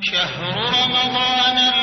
شهر رمضان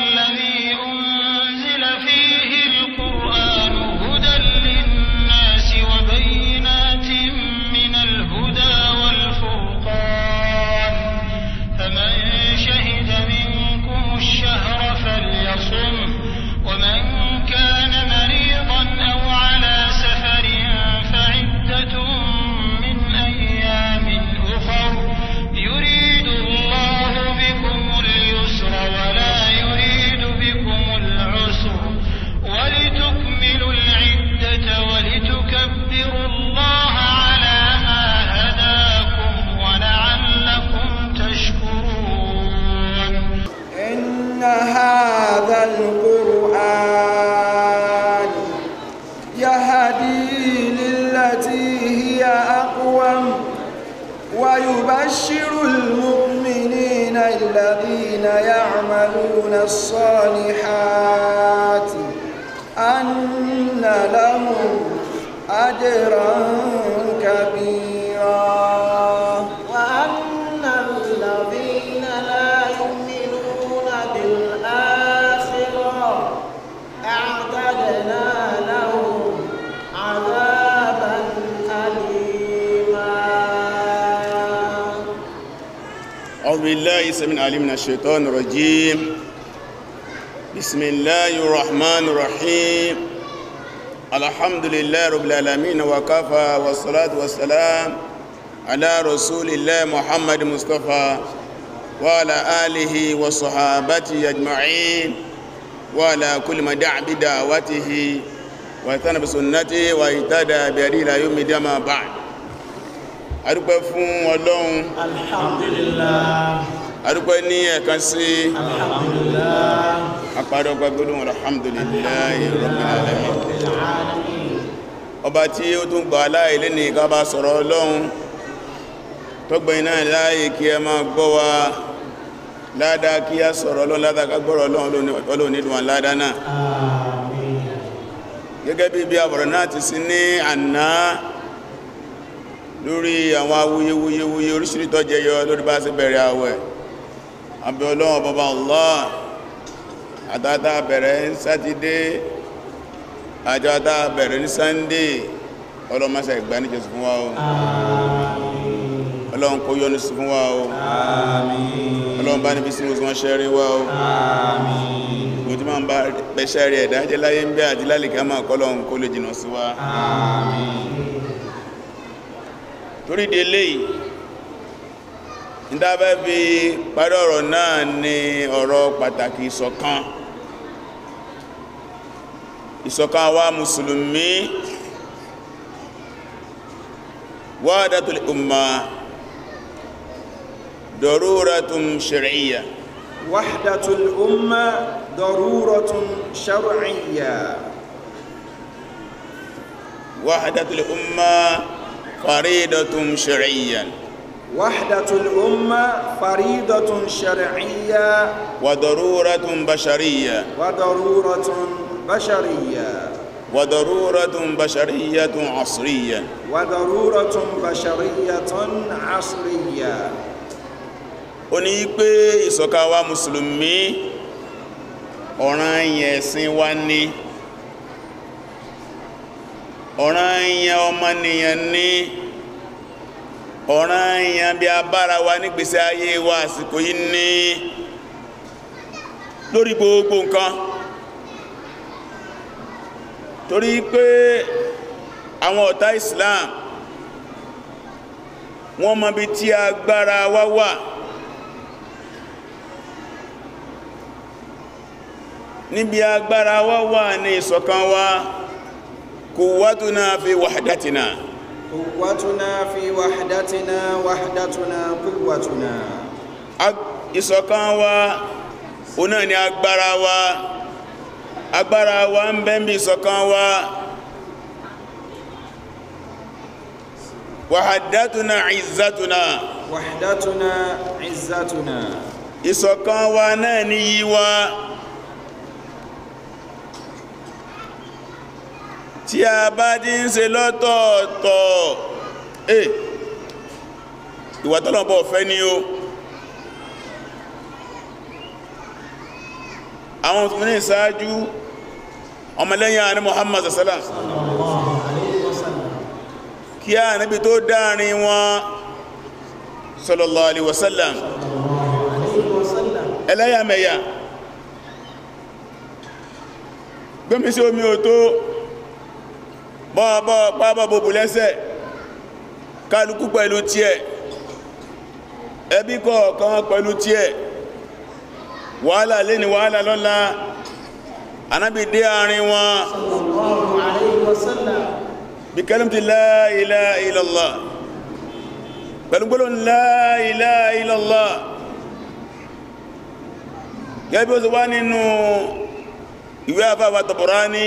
القرآن يهدي للتي هي أقوم ويبشر المؤمنين الذين يعملون الصالحات أن لهم أجرا كبيرا بالله سمين علي من الشيطان الرجيم بسم الله الرحمن الرحيم الحمد لله رب العالمين وكفى والصلاة والسلام على رسول الله محمد مصطفى وعلى آله وصحابته أجمعين وعلى كل ما دعا بدعوته واتنى بسنته واهتدى بهديه إلى يوم الدين بعد adúpẹ́ fún ọlọ́run alhamdulillah adúpẹ́ ní ẹ̀kan sí apàdọ́gbà gbọ́dùn alhamdulillahi rabbil alamin ọba tí ó tún gbà láìlé ní ìgábá sọ̀rọ̀ ọlọ́run tọ́gbẹ̀ iná láàyè kí ẹ máa gbọ́ wa ládàá kí a sọ̀rọ̀ ọlọ́run ládàá ká gbọ́rọ̀ ọlọ́run nílùú ládàá náà gẹ́gẹ́ bí bí àbọ̀rọ̀ náà ti sí ní àná lórí àwọn awuyewuyewuye oríṣiríṣi tó jẹyọ lórí bá ṣe bẹ̀rẹ̀ àwẹ̀ àbẹ̀ ọlọ́wọ́ bàbá Allah àtàtà bẹ̀rẹ̀ ní sátidé àjọ àtà bẹ̀rẹ̀ ní sándé ọlọ́mọsẹ̀ ìgbà ní jésù fún wa o ọlọ́run kó yọ́nú sí fún wa o ọlọ́run bá níbi sínú wọn ṣẹ́rí wa o mo ti máa ń bá pẹ́ṣẹ́ rí ẹ̀dá jẹ́ láyé ń bẹ́ àti lálìkà máa kọ́lọ́run kó lè jìnà sí wa torí délé yìí ìdábẹ́ fi parí ọ̀rọ̀ náà ni ọ̀rọ̀ pàtàkì ìṣọ̀kan ìṣọ̀kan wa mùsùlùmí wahdatul umma daruratun shar'iyya wahdatul umma daruratun shar'iyya wahdatul umma faridatun shar'iyya وحدة الأمة فريضة شرعية وضرورة بشرية وضرورة بشرية وضرورة بشرية عصرية وضرورة بشرية عصرية ó ní pé ìsọ̀ka wa mùsùlùmí ọ̀ràn yẹn ẹ̀sìn wa ní ọ̀ràn yẹn ọmọnìyàn ní ọ̀ràn èèyàn bí a bára wa nígbèsè ayé wa àsìkò yìí ní lórí gbogbo nǹkan torí pé àwọn ọ̀tá Islam wọ́n mọ̀ bí tí agbára wá wà níbi agbára wá wà ní ìṣọ̀kan wa kuwatuna fi wahdatina. قوتنا في وحدتنا وحدتنا قوتنا ìṣọ̀kan wa òun náà ni agbára wa agbára wa ń bẹ níbi ìṣọ̀kan wa wàhádátúnà ìzátúnà wàhádátúnà wa náà ni yí wa tí a bá dín ń ṣe lọ́tọ̀ọ̀tọ̀ ẹ ìwà tọ́lọ̀bọ̀ ni o àwọn òtùmí ní ìsáájú ọmọlẹ́yìn àní Muhammad sasala kí a níbi tó dáàrin wọn sallallahu alaihi wasallam ẹlẹ́yàmẹ̀yà gbẹ́mí sí omi ò tó bọ́ọ̀bọ́ pábọ̀ bòbò lẹ́sẹ̀ kálukú pẹ̀lú tiẹ̀ ẹbí kọ̀ọ̀kan wọn pẹ̀lú tiẹ̀ wàhálà lé ní wàhálà lọ́la anábì dé àárín wọn sallallahu alayhi wa sallam bí kalimati la ilaha illallah pẹ̀lú gbólóhùn la ilaha illallah ó ti wá nínú ìwé àfáwà Tabarani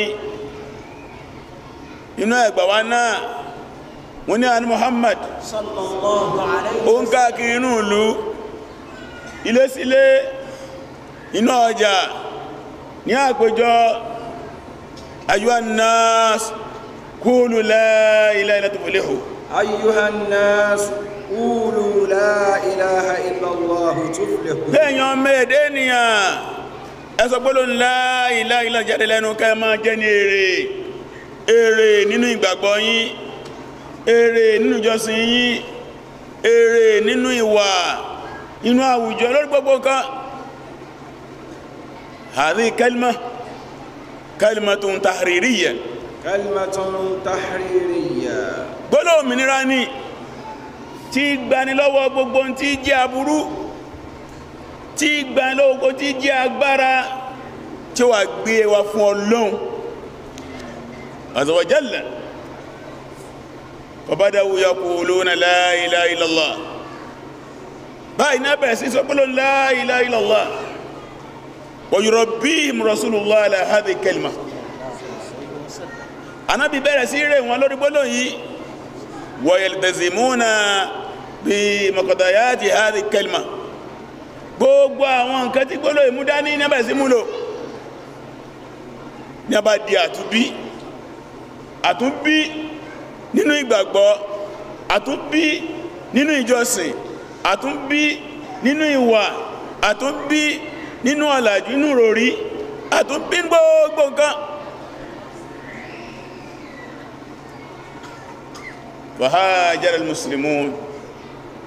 inú ẹgbà wa náà wọ́n ní àní Muhammad ó ń káàkiri inú ìlú ilé sílé inú ọjà ní àpéjọ ayyuhan nas qulu la ilaha illa tuflihu ayyuhan nas qulu la ilaha illa Allah kẹ́ máa jẹ́ ní èrè èrè nínú ìgbàgbọ́ yín èrè nínú ìjọsìn yín èrè nínú ìwà inú àwùjọ lórí gbogbo kan hàdí kalima kalimatun tahririya kalimatun tahririya gbọ́lọ̀ òmìnira ni tí gbanilọ́wọ́ gbogbo tí jẹ́ aburú tí gbanilọ́wọ́ tí jẹ́ agbára tí wà gbé wa fún Ọlọ́run azza wa jalla fabadawu yaquluna la ilaha illallah báyìí náà bẹ̀rẹ̀ sí sọ pé la ilaha illallah wa yurabbihim rasulullah ala hadhihi kalima anábì bẹ̀rẹ̀ sí rẹ̀ wọn lórí gbólóhùn yìí wa yaltazimuna bi maqdayati àtúnbí nínú ìgbàgbọ́ àtúnbí nínú ìjọsìn àtúnbí nínú ìwà àtúnbí nínú ọ̀làjú nínú ròrí àtúnbí gbogbo nǹkan وهاجر المسلمون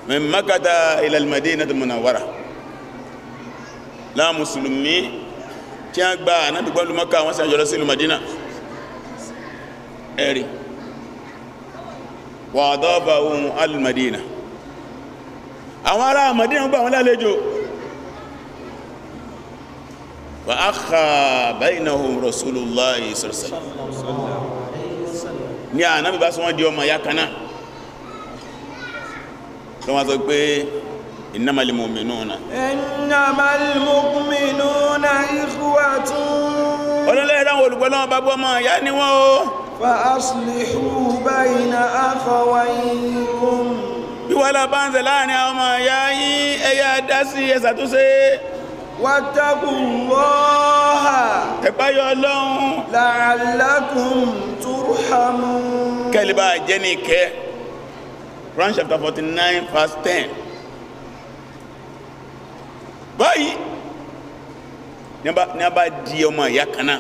من مكة إلى المدينة المنورة لا مسلمي tí a gba ànádùgbọ́n lu Mẹ́kà wọ́n sì sí ìlú Madina ẹ̀rí wà dọ́bà ohun alìmọ̀dínà àwọn ará àmọ̀dínà gbà wọn lálejò wà á kà báyìnà ohun rasulullahi sọ̀rọ̀sọ̀rọ̀ ní ànábì bá sọ wọ́n di ọmọ yákaná tó wọ́n sọ pé innamal mu'minuna innamal mu'minuna ikhwatun olólẹ́rẹ́ àwọn فأصلحوا بين أخويكم bí wọ́n lọ bá ń ṣe láàrin àwọn ọmọ ìyá yín ẹ yá dá sí ẹ ṣàtúnṣe wattaqullaha ẹ̀páyọ̀ ọlọ́run la'allakum turhamun kẹ́lìbà jẹ́ ní ìkẹ́ Quran chapter forty nine verse ten báyìí ní a bá di ọmọ ìyá kan náà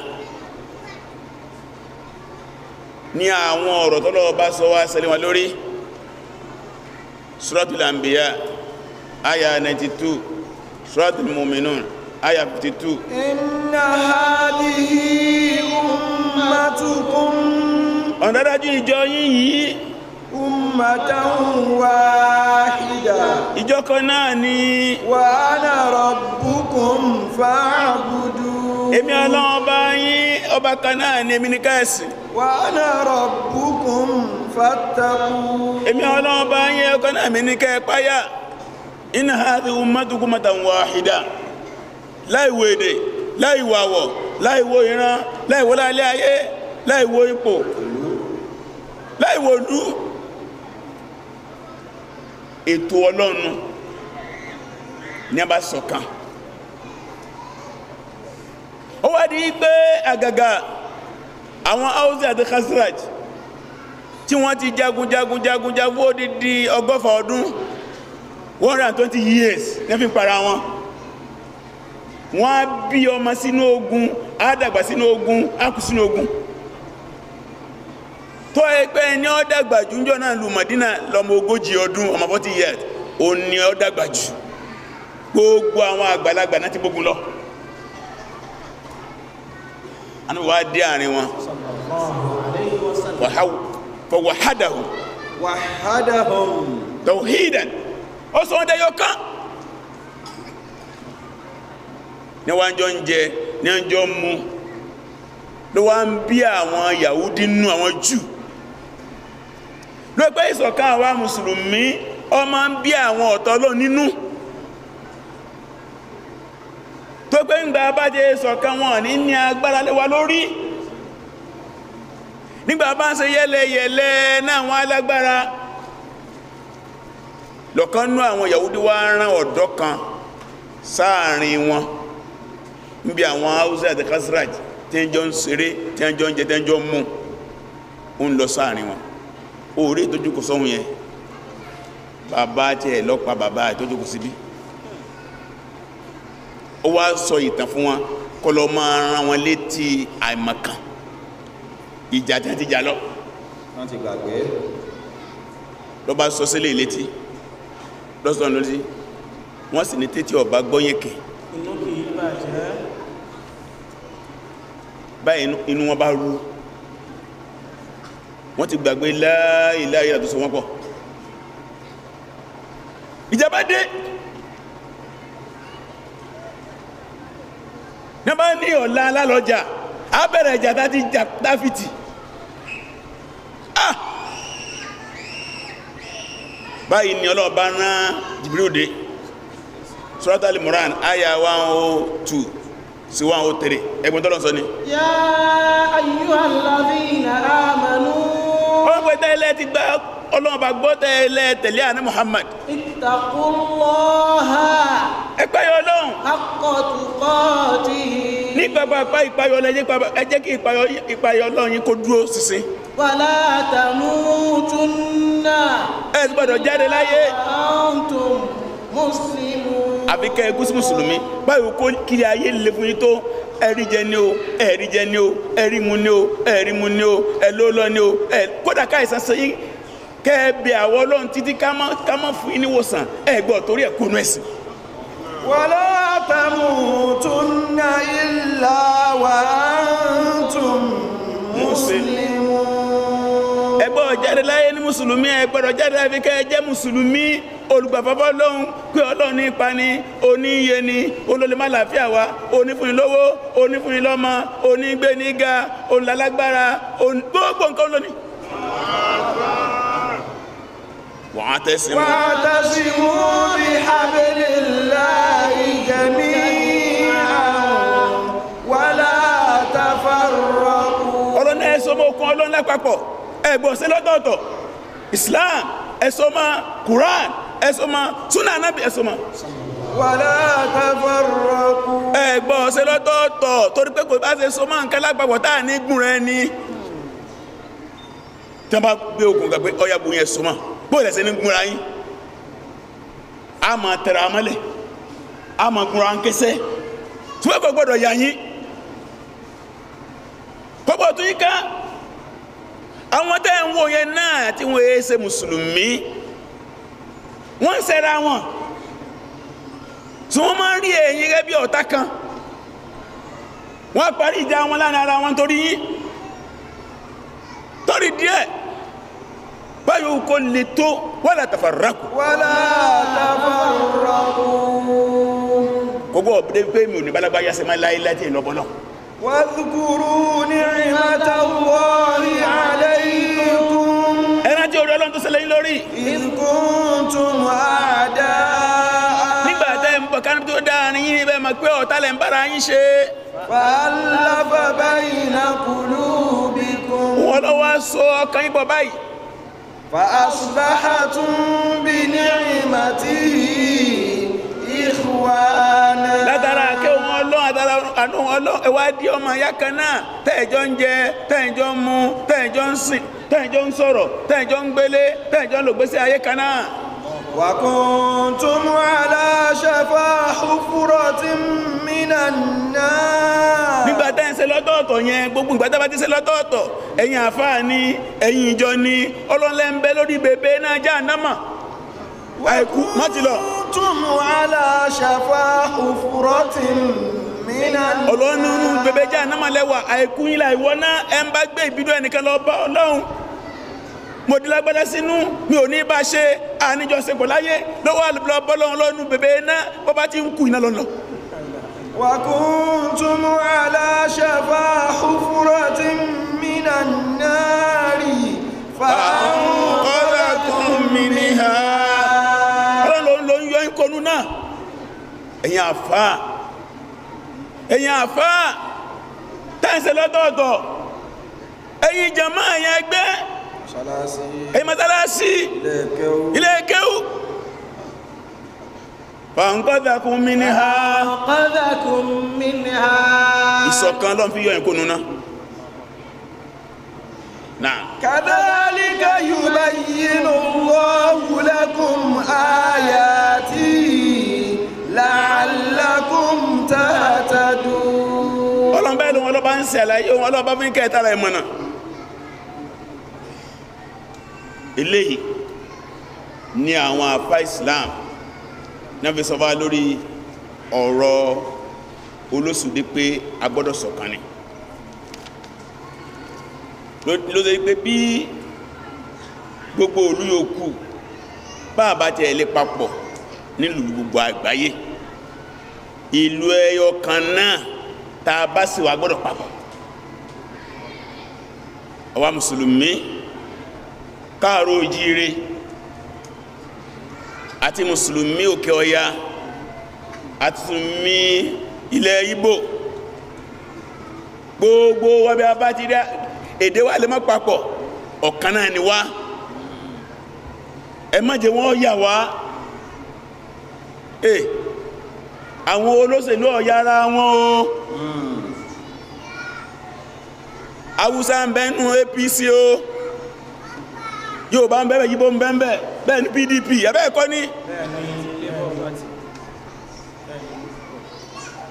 ní àwọn ọ̀rọ̀ tọ́lọ́wọ́ bá sọ wá sẹ́lẹ̀ wọn lórí suratul anbiya aya 92 suratul mu'minun aya 52 inna hadihi ummatukum ọ̀dádájú ìjọ yín yìí ummatan wahida ìjọ kan náà ni wa ana rabbukum fa'budu èmi Ọlọ́run bá yín ọba kan náà ni èmi ní kẹ́ẹ̀sì wa ana rabbukum fattaqun èmi ọlọ́run bá yẹ ọkọ̀ náà mi ní kẹ́ẹ̀páyà in hadhi ummatukum ummatan wahida láìwò èdè láìwò àwọ̀ láìwò ìran láìwò lálẹ́ ayé láìwò ipò láìwò ìlú ètò ọlọ́run ní a bá ṣọ̀kan so wá rí i pé àgàgà àwọn Awusi àti Khazraj tí wọ́n ti jagun jagun jagun jagun ó di di ọgọ́fà ọdún years ní para wọn wọ́n bí ọmọ sínú ogun á sínú ogun á sínú ogun tó ẹgbẹ́ ni ó dàgbà náà Madina years ni gbogbo àwọn anu wa di àárín wọn wàhádàhùn wàhádàhùn tawhidan ó sọ wọn dẹyọ kan ní wọn jọ ń jẹ ní wọn jọ ń mu ló wá bí àwọn Yahudi nínú àwọn jù ló pé àwa mùsùlùmí ó ń bí àwọn ọ̀tọ̀ lọ nínú. tó pé ń gba abájẹ́ sọ̀kan wọn ní ní agbára lé lórí nígbà bá ń ṣe yẹ́lẹ̀yẹ̀lẹ̀ náà wọ́n alágbára lọ́kàn nú àwọn Yahudi wá rán ọ̀dọ́ kan sáàrin wọn níbi àwọn Hausa àti Khazraj tí ń jọ ń ṣeré tí ń jọ ń jẹ tí ń jọ mú ń lọ sáàrin wọn òòrè ìtójú kò sọ́hun yẹn bàbá ó wá sọ ìtàn fún wọn kọ́ lọ́ máa rán wọn létí àìmọ̀kan ìjà tí wọ́n ti jà lọ. wọ́n ti gbàgbé. ló bá sọ sílé létí lọ́sọ̀rọ̀ lórí wọ́n sì ní tètè ọba gbọ́yẹ̀kẹ̀. inú kì í bàjẹ́. báyìí inú wọn bá ru wọ́n ti gbàgbé láàyè láàyè àtúnṣe wọn pọ̀ ìjàmbá dé. ní bá ní ọ̀la alálọ́jà á bẹ̀rẹ̀ ìjà tá ti jà táfìtì ah! báyìí ni ọlọ́ọ̀bá rán jìbìrìòde Surat Al-Imran aya 102 sí 103 ẹgbọ́n tọ́lọ́ sọ ni. yá ayyuhal ladhina amanu. ó ń pè tẹ́lẹ̀ ti gba ọlọ́ọ̀bá gbọ́ tẹ́lẹ̀ tẹ̀lé àná Muhammad. ittaqullaha ẹ̀páyọ̀ ọlọ́run. akọ̀tùkọ́tì. ní gbogbo apá ìpayọ̀ ọlọ́run ẹ jẹ́ kí ìpayọ̀ ọlọ́run yín kó dúró ṣinṣin. wàlá tàmútúnà. ẹ ti gbọdọ̀ jáde láyé. àǹtùm mùsùlùmí. àbí kẹ́ ẹ kú sí mùsùlùmí báyìí kó kiri ayé lè fún yín tó ẹ̀rí jẹ ni o ẹ̀rí jẹ ni o ẹ̀rí mu ni o ẹ̀rí mu ni o ẹ̀ lọ ni o ẹ̀ kódà káyìsàn sẹ́yìn kẹ́ ẹ bẹ àwọn ọlọ́run títí ká má fún yín níwòsàn ẹ̀ gbọ́ torí ẹ̀ kónú ẹ̀sìn. ولا تموتن إلا وأنتم مسلمون ẹ gbọ́dọ̀ jáde láyé ní mùsùlùmí ẹ gbọ́dọ̀ jáde láyé fi kẹ́ ẹ jẹ́ mùsùlùmí olùgbàfọ́fọ́ lóhun pé ọlọ́run ní ipa ni oníye ni olólùmọ́ àlàáfíà wa onífúnni lówó onífúnni lọ́mọ onígbéniga olùlálágbára gbogbo nǹkan lónìí. واعتصموا واعتصموا بحبل الله جميعا ولا تفرقوا ọlọ́ni ẹ̀sọ́ mọ́ okun ọlọ́ni lápapọ̀ ẹ̀gbọ́n sí lọ́tọ̀ọ̀tọ̀ Islam ẹ̀sọ́ mọ́ Quran ẹ̀sọ́ mọ́ sunnah anabi ẹ̀sọ́ mọ́. wàlá tafarraku. ẹ̀gbọ́n ṣe lọ́tọ̀ọ̀tọ̀ torí pé kò bá ṣe so máa ń kẹ́ lápapọ̀ tá à ní gùn rẹ ni. tí wọ́n bá gbé okùn gbà pé ọ̀yà bu yẹn so máa bóyá ẹsẹ̀ ní gbúra yín a máa tẹ̀ra amálẹ̀ a máa gbúra nkẹsẹ̀ tí wọ́n kọ́ gbọ́dọ̀ yà yín kọ́bọ̀ tó yín ká àwọn tẹ́ ń wò yẹn náà tí wọ́n yé ṣe mùsùlùmí wọ́n ń ṣẹ̀ra wọn tí wọ́n máa ń rí èyí gẹ́gẹ́ bí ọ̀tá kan wọ́n parí ìjà wọn láàrin ara wọn torí yín torí díẹ̀ báyọ̀ kò le tó wala tafarraqu. wala tafarraqu. gbogbo ọ̀bẹ pé mi ò ní balaba yasẹ ma láyé láti ẹ̀ lọ́bọ̀ náà. wadhkuru ni'matallahi alaykum. ẹ rántí orí ọlọ́run tó ṣẹlẹ̀ yín lórí. in kuntum àdá. nígbà tẹ́ ń bọ̀ kánú tó dáa ni yín bẹ́ẹ̀ máa pé ọ̀tá lẹ́ ń bára yín ṣe. fàlàfà báyìí náà kùlù bìkún. wọ́n lọ wá sọ ọkàn yín bọ̀ báyìí. فأصبحتم بنعمته إخوانا látara akéwọn ọlọ́run àtàrà àdóhùn ọlọ́run ẹ wá di ọmọ ìyá kan náà tẹ́ẹ̀jọ́ ń jẹ tẹ́ẹ̀jọ́ ń mu tẹ́ẹ̀jọ́ ń sìn tẹ́ẹ̀jọ́ ń sọ̀rọ̀ tẹ́ẹ̀jọ́ ń gbélé tẹ́ẹ̀jọ́ ń lò gbèsè ayé kan náà. وكنتم على شفا حفرة minan nas. nígbà tá ẹ̀ ń ṣe lọ́tọ̀ọ̀tọ̀ yẹn gbogbo ìgbà tá a bá ti ṣe lọ́tọ̀ọ̀tọ̀ ẹ̀yin àfáà ni ẹ̀yin ìjọ ni ọlọ́lẹ̀ ń bẹ lórí bèbè náà jahannama àìkú má ti lọ. tún wàhálà ṣàfà òfurọ́tì minan nas. ọlọ́nùnú bèbè jahannama lẹ́wà àìkú yín láìwọ́ náà ẹ̀ ń bá gbé ìbídọ́ ẹnìkan lọ bá ọlọ́run mo di lágbádá sínú mi ò ní bá ṣe àníjọsepọ̀ láyé lọ́wọ́ àlùbọ́lọ́ ọlọ́run bèbè náà bọ́bá ti ń kú iná lọ́nà. وكنتم على شفا حفرة من النار فأنقذكم منها ọlọ́run ló ń yọ yín kọnu náà ẹ̀yin àfáà ẹ̀yin àfáà tẹ́ǹsẹ̀ lọ́tọ̀ọ̀tọ̀ ẹ̀yin jàmáà ẹ̀yin ẹgbẹ́ ẹ̀yin mọ́sálásí lẹ́kẹ̀ọ́ fàǹkọ́dàkùn mínìhá fàǹkọ́dàkùn mínìhá ìṣọ̀kan lọ́n fi yọ ẹ̀kọ́ nuna náà kàdálíkà yùbá yínú wọ́wùlẹ́kùn ayàtì làálàkùn tààtàdù ọlọ́mbà ìlú wọn lọ́bá ń ṣàlàyé wọn lọ́bá fi kẹta rẹ̀ mọ̀nà eléyìí ni àwọn àfá Islam náà fi sọ wá lórí ọ̀rọ̀ olóṣùdé pé a gbọ́dọ̀ ṣọ̀kan ni ló ṣe pé bí gbogbo òlú yòókù bá a bá tẹ̀ lé papọ̀ nílùú gbogbo àgbáyé ìlú ẹyọ kan náà tá a bá sì wà gbọ́dọ̀ papọ̀ àwa mùsùlùmí káàró ìjíire àti mùsùlùmí òkè ọya àti mùsùlùmí ilẹ̀ Ìgbò gbogbo wa bí a bá ti dá èdè wa lè má papọ̀ ọ̀kan náà ni wá ẹ má jẹ́ wọ́n yà wá e àwọn olóṣèlú ọ̀yà ara wọn o Haúsá ń bẹ nínú APC o Yorùbá ń bẹ bẹ ń bẹ bẹ́ẹ̀ ni PDP ẹ bẹ́ẹ̀ kọ́ ni. Mm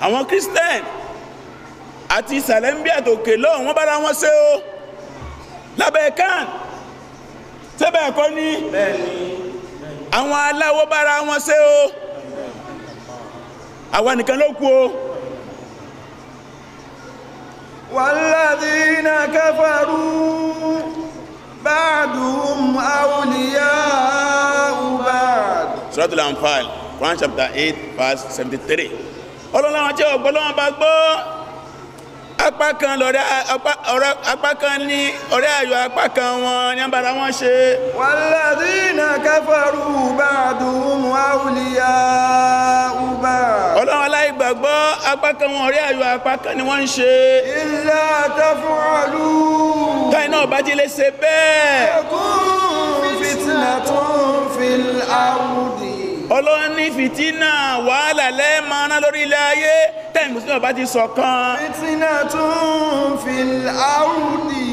àwọn christian àti ìsàlẹ̀ ń bí àtòkè lọ́wọ́ wọ́n bára wọn ṣe o lábẹ́ kan tẹ́bẹ̀ ẹ̀kọ́ ní àwọn aláwọ̀ bára wọn ṣe o àwa nìkan ló kù o wàládìí náà kafaru ba'duhum awliya suratul anfal quran chapter eight verse seventy three ọlọ́run àwọn tí ọ̀gbọ́n lọ́wọ́ bá gbọ́ apá kan lọ́rẹ́ apá kan ní ọ̀rẹ́ ayọ̀ apá kan wọn ní abàrá wọn ṣe. walladhina kafaru ba'duhum awliya'u ba'd. ọlọ́run aláìgbàgbọ́ apá kan wọn ọ̀rẹ́ ayọ̀ apá kan ni wọ́n ń ṣe. illa taf'alu. táyì náà bá jí lè ṣe bẹ́ẹ̀. ẹ̀kú ọlọ́run ní fìtínà wàhálà lẹ́ẹ̀mọ́ná lórí ilẹ̀ ayé tẹ́yìn mùsùlùmí ọba ti ṣọ̀kan. fìtínà tún fi áwùdì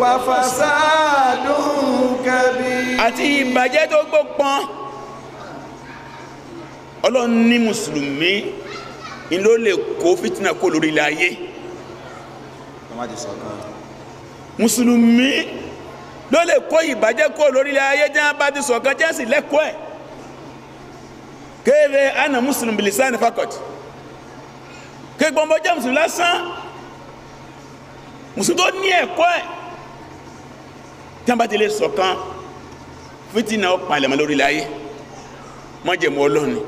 wà fàṣàdùn kẹbí. àti ìbàjẹ́ tó gbópọn ọlọ́run mùsùlùmí ni ló lè kó fìtínà kó lórí ilẹ̀ ayé. mùsùlùmí ló lè kó ìbàjẹ́ kó lórí ilẹ̀ ayé jẹ́ bá ti jẹ́ sì lẹ́kọ̀ọ́ ẹ̀ kéde ana muslim bilisan fakọt kégbọn bọ jẹ muslim lásán muslim tó ní ẹ̀kọ́ ẹ tábàtìlẹ ṣọ̀kan fitina ọpàlẹmọ lórí láyé mọjẹmọ ọlọrin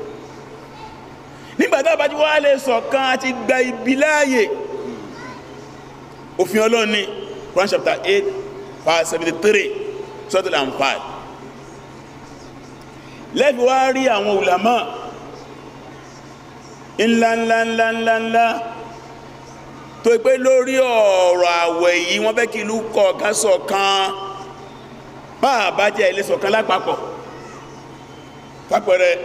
nígbàtà bá ti wá lè ṣọ̀kan àti gba ibi láàyè òfin ọlọrin Quran chapter eight verse seventy three Suratul Anfal lẹ́fi wá rí àwọn ulama ńláńláńláńláńlá tó pé lórí ọ̀rọ̀ àwẹ̀ yìí wọ́n fẹ́ kí ìlú kọ̀ọ̀kan ṣọ̀kan bá àbájá ilé ṣọ̀kan lápapọ̀ fápẹ̀rẹ̀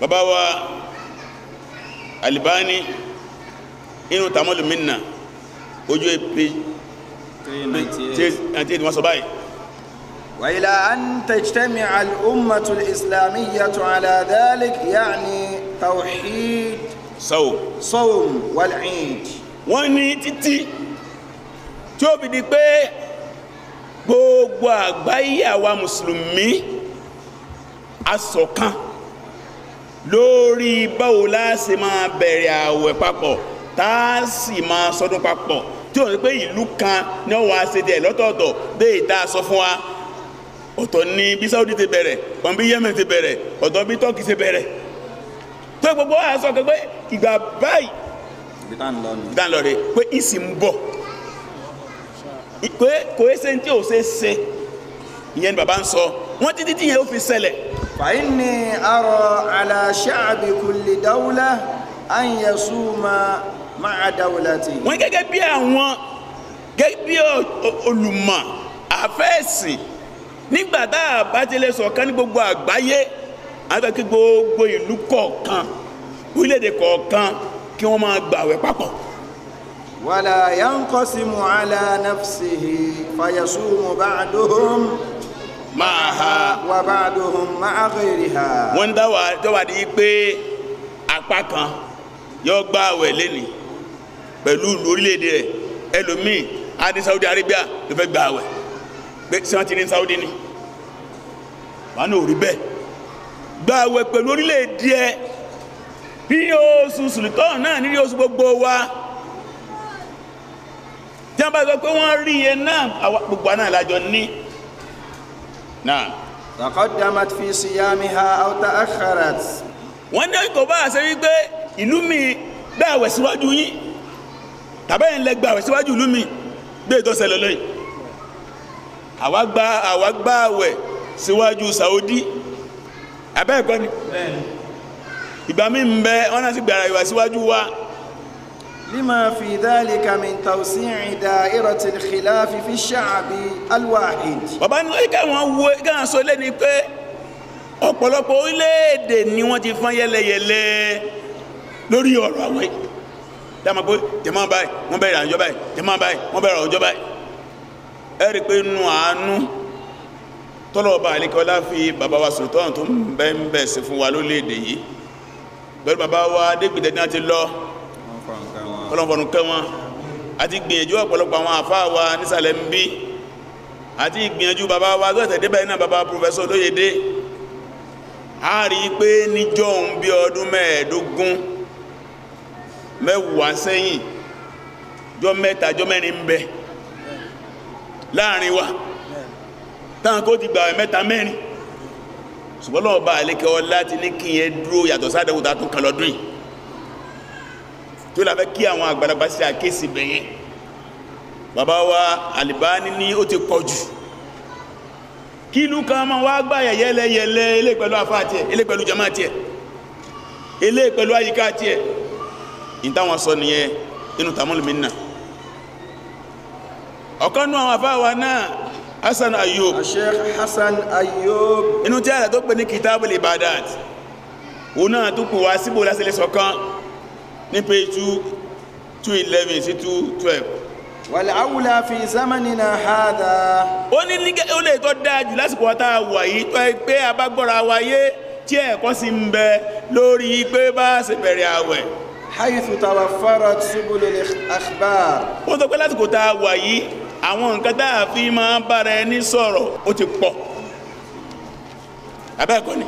bàbá wa Albani inú tàmọ́lù minna ojú èpè 398 wọ́n sọ báyìí وإلى أن تجتمع الأمة الإسلامية على ذلك يعني توحيد صوم صوم والعيد wọ́n ní títí tí ó fi di pé gbogbo àgbáyé àwa mùsùlùmí asọ̀kan lórí báwo la ṣe máa bẹ̀rẹ̀ àwẹ̀ papọ̀ tá a sì máa sọdún papọ̀ tí ó ní pé ìlú kan ní ọ̀wọ́ àṣetẹ̀ lọ́tọ̀ọ̀tọ̀ dé ìta sọ fún wa ọ̀tọ̀ ni bí Saudi ti bẹ̀rẹ̀ ọ̀n bí Yemen ti bẹ̀rẹ̀ ọ̀tọ̀ bí Turkey ti bẹ̀rẹ̀ pé gbogbo wa sọ pé ìgbà báyìí ìdánilọ́rẹ̀ pé ìsì ń bọ̀ pé kò é ṣe tí ò ṣe ṣe ìyẹn ni bàbá ń sọ wọ́n títí yẹn ó fi ṣẹlẹ̀. fàyínní arọ aláṣẹ àbíkúlẹ̀ dáwúlá àyẹ̀sùmá máa dáwúlá tì. wọ́n gẹ́gẹ́ bí àwọn gẹ́gẹ́ bí olùmọ̀ àfẹ́sìn nígbà tá a bá ti lè ṣọ̀kan ní gbogbo àgbáyé àgbà kí gbogbo ìlú kọ̀ọ̀kan orílẹ̀-èdè kọ̀ọ̀kan kí wọ́n máa gbàwẹ̀ papọ̀. wàlà yankosimu ala nafsihi fayasumu ba'duhum ma'aha wa ba'duhum ma'a ghayriha. wọ́n ń dáwà jọba di pé apá kan yóò gbàwẹ̀ lẹ́nìí pẹ̀lú orílẹ̀-èdè ẹlòmíì adi Saudi Arabia ló fẹ́ gbàwẹ̀ pé sèwọ́n ti ní Saudi ni wọn náà ò rí bẹ́ẹ̀ gba àwẹ̀ pẹ̀lú orílẹ̀-èdè ẹ bí oṣù sùlùtọ́ọ̀ náà nílé oṣù gbogbo wa tí wọ́n pé wọ́n rí iye náà gbogbo náà lájọ ní náà. taqaddamat fi siyamiha aw ta'akhkharat. wọ́n ní kò bá àṣẹ wípé ìlú mi gbààwẹ̀ síwájú yín tàbí ẹ̀yin lẹ gbààwẹ̀ síwájú ìlú mi gbé ìtọ́sẹ̀ lọ́lọ́yìn àwa gba àwa gba àwẹ̀ síwájú Saudi abẹ́ ẹ̀kọ́ ni ìgbà mi ń bẹ wọn náà sì gbàrà ìwà síwájú wa. lima fi dhalika min tawsi'i da'irati al-khilaf fi ash-sha'bi al bàbá ní ká wọn wo ká wọn sọ lẹ́ni pé ọ̀pọ̀lọpọ̀ orílẹ̀-èdè ni wọ́n ti fọ́n yẹlẹyẹlẹ lórí ọ̀rọ̀ àwẹ̀ dáa pé jẹ̀mọ́ báyìí wọ́n bẹ̀rẹ̀ àjọ báyìí jẹ̀mọ́ báyìí wọ́n bẹ̀rẹ̀ àjọ báyìí ẹ̀rí pé nù àánú tọ́lọ̀ọba àlíkọlá fi bàbá wa Sultan tó ń bẹ́ ń bẹ̀ sí fún wa lórílẹ̀-èdè yìí pẹ̀lú bàbá wa dégbìdẹ̀ náà ti lọ kọlọ̀fọ̀nù kẹ́ wọn àti gbìyànjú ọ̀pọ̀lọpọ̀ àwọn àfáà wa nísàlẹ̀ ń bí àti ìgbìyànjú bàbá wa gọ́ọ̀tẹ̀ débẹ̀ náà bàbá Professor Olóyèdé a rí i pé níjọ́ ń bí ọdún mẹ́ẹ̀ẹ́dógún mẹ́wàá sẹ́yìn jọ mẹ́ta jọ mẹ́rin bẹ́ẹ̀ láàrin wa táwọn kó ti gbà ẹ̀ mẹ́ta mẹ́rin ṣùgbọ́n lọ́wọ́ bá àlékẹ́ ọlá ti ní kí yẹn dúró yàtọ̀ sádẹ́wò tá a lọ́dún yìí tó la kí àwọn àgbàlagbà ṣe àkéṣì bẹ̀yẹn bàbá wa Albani ní ó ti pọ̀ jù kí ìlú kan máa wá gbà yẹ̀yẹ́lẹ́yẹ̀lẹ́ ilé pẹ̀lú àfáà tiẹ̀ ilé pẹ̀lú jama tiẹ̀ ilé pẹ̀lú àyíká tiẹ̀ ìtàwọn sọ nìyẹn inú tàmúlùmí náà ọ̀kan nú àwọn afáwa náà Hasan Ayub Sheikh Hasan Ayub inú tí a rẹ̀ tó pè ní Kitabul Ibadat òun náà tó pè wá síbò lásìlẹ̀ sọ̀kan ní page two two eleven sí two wàlẹ̀ awùlà fi zamanina hádà. ó ní ní ó lè tọ́ dáa lásìkò wa tá yìí tọ́ pé a bá tí ẹ̀kọ́ sì ń bẹ lórí pé bá a bẹ̀rẹ̀ àwẹ̀. haythu tawaffarat subulul akhbar. ó sọ pé lásìkò àwọn nǹkan tá a fi máa bára ẹni sọ̀rọ̀ ó ti pọ̀ abẹ́ẹ̀kọ́ ni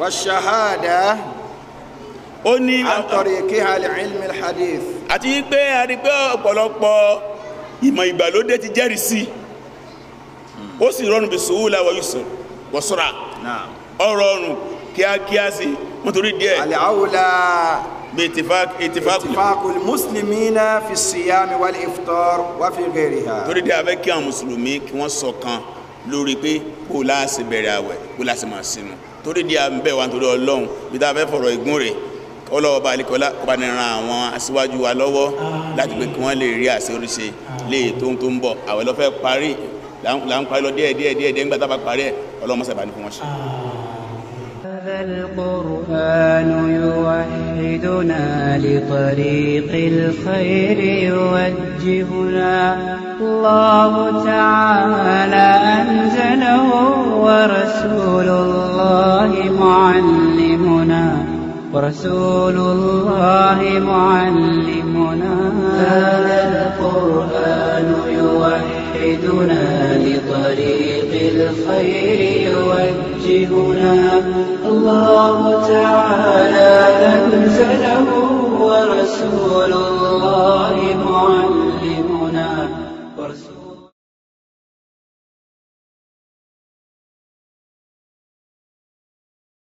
wà ṣàhádà ó ní ilmi hadith. àti pé a rí pé ọ̀pọ̀lọpọ̀ ìmọ̀ ìgbàlódé ti jẹ́rìí sí ó sì rọrùn bí sùúrù láwọ̀ yìí sọ̀rọ̀ ọ̀rọ̀ ọ̀rùn kíákíá sí nítorí díẹ̀. àlẹ́ àwòlá باتفاق اتفاق اتفاق المسلمين في الصيام والافطار وفي غيرها torí dé abẹ́ kí àwọn mùsùlùmí kí wọ́n ṣọ̀kan lórí pé kó láàṣì bẹ̀rẹ̀ àwẹ̀ kó láàṣì máa sínú torí dé abẹ́ wa nítorí ọlọ́run bí tá a fẹ́ fọ̀rọ̀ ìgún rẹ̀ ọlọ́wọ́ bá alikọ́lá kó bá ní ran àwọn aṣíwájú wa lọ́wọ́ láti pé kí wọ́n lè rí àṣẹ lè tó ń tó ń bọ̀ àwẹ̀ lọ́fẹ́ parí là ń parí lọ díẹ̀ díẹ̀ díẹ̀ díẹ̀ nígbà tá a bá parí ẹ̀ ọlọ́mọ هذا القرآن يوحدنا لطريق الخير يوجهنا الله تعالى أنزله ورسول الله معلمنا ورسول الله معلمنا هذا القرآن يوحدنا لطريق بالخير يوجهنا الله تعالى أنزله ورسول الله معلم